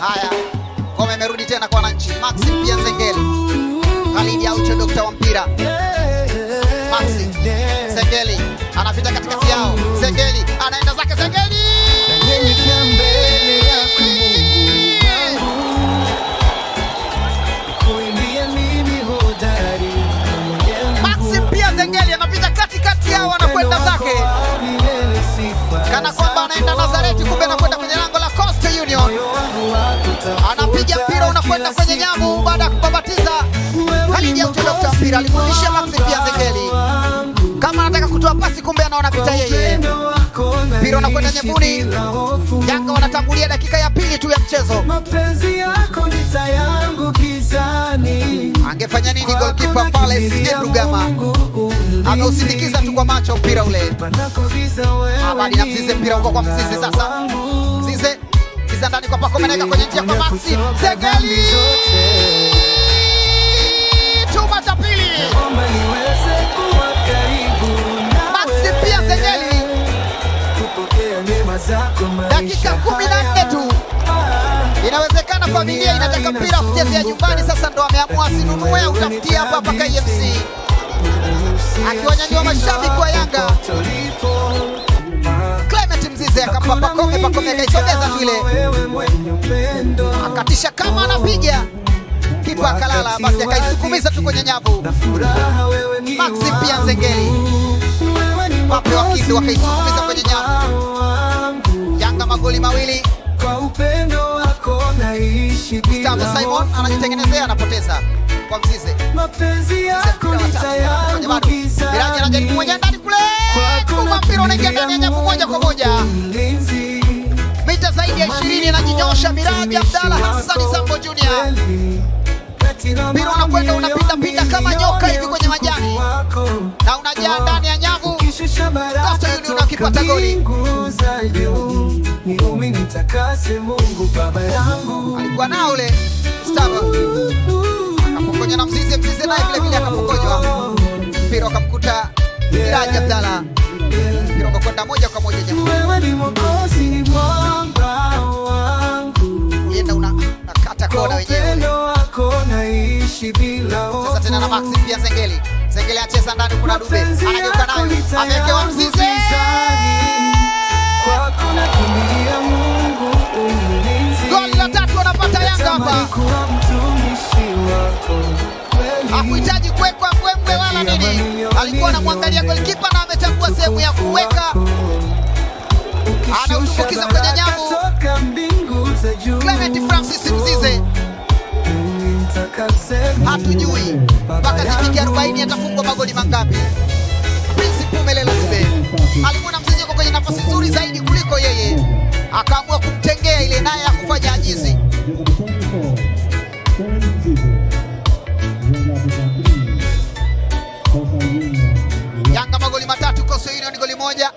Haya, Ngome imerudi tena kwa wananchi. Maxi pia Nzengeli, Khalid Aucho, dokta wa mpira. Maxi Zengeli anapita katikati yao, Zengeli anaenda zake, Zengeli Alija mpira unakwenda kwenye nyavu baada ya kubabatiza. Alija dokta mpira alimrudishia Maxi pia Zengeli, kama anataka kutoa pasi, kumbe anaona pita yeye. Mpira unakwenda nyevuni, Yanga wanatangulia dakika ya pili tu ya mchezo. Angefanya nini golkipa pale? Sije Rugama ameusindikiza tu kwa macho mpira ule. Abadi na Mzize, mpira uko kwa Mzize sasa. Mzize mzize ndani kwa wako kanaweka kwenye njia kwa Maxi Zegeli, chuma cha pili Maxi pia Zegeli, dakika kumi na nne tu inawezekana. Familia inataka mpira kuchezea nyumbani, sasa ndo ameamua asinunue au hapa hapa KMC, akiwanyanyua mashabiki wa Yanga. Pakome, Pakome akaisogeza kile, akatisha kama anapiga kipa, akalala. Basi akaisukumiza tu kwenye nyavu. Maxi pia Nzengeli, Pape wa Kindu akaisukumiza kwenye nyavu. Yanga magoli mawili kwa upendo wako naishi. Simon anajitengenezea, anapoteza kwa Mzize. Mapenzi yako nitayaangamiza. Miraji anajaribu moja ndani kule, mpira unaingia ndani ya nyavu moja kwa moja ishirini na jinyosha Miraji Abdala Hasani Sambo Junior. Mpira unakwenda unapita pita kama nyoka hivi kwenye majani na unajaa ndani ya nyavu. Sasa yule unakipata goli. Alikuwa nao ule akapokonywa na Mzize, Mzize naye vile vile akapokonywa. Mpira ukamkuta Miradi Abdala. Mpira ukakwenda moja kwa moja. Wewe ni mwokozi wangu. na wenyewe sasa tena na Maxi pia Sengeli. Sengeli acheza ndani kuna Dube. nayo. Amewekewa mzizi. Goli la tatu anapata Yanga hapa. Hakuhitaji kuwekwa mbwembwe wala nini. Alikuwa anamwangalia golikipa na amechagua sehemu ya kuweka. Anautumbukiza kwenye hatujui mpaka zifikia arobaini atafungwa magoli mangapi. Prince Mpumelelo mzee alimwona mzizi kwenye nafasi nzuri zaidi kuliko yeye, akaamua kumtengea ile, naye kufanya ajizi. Yanga magoli matatu, Coastal Union goli moja.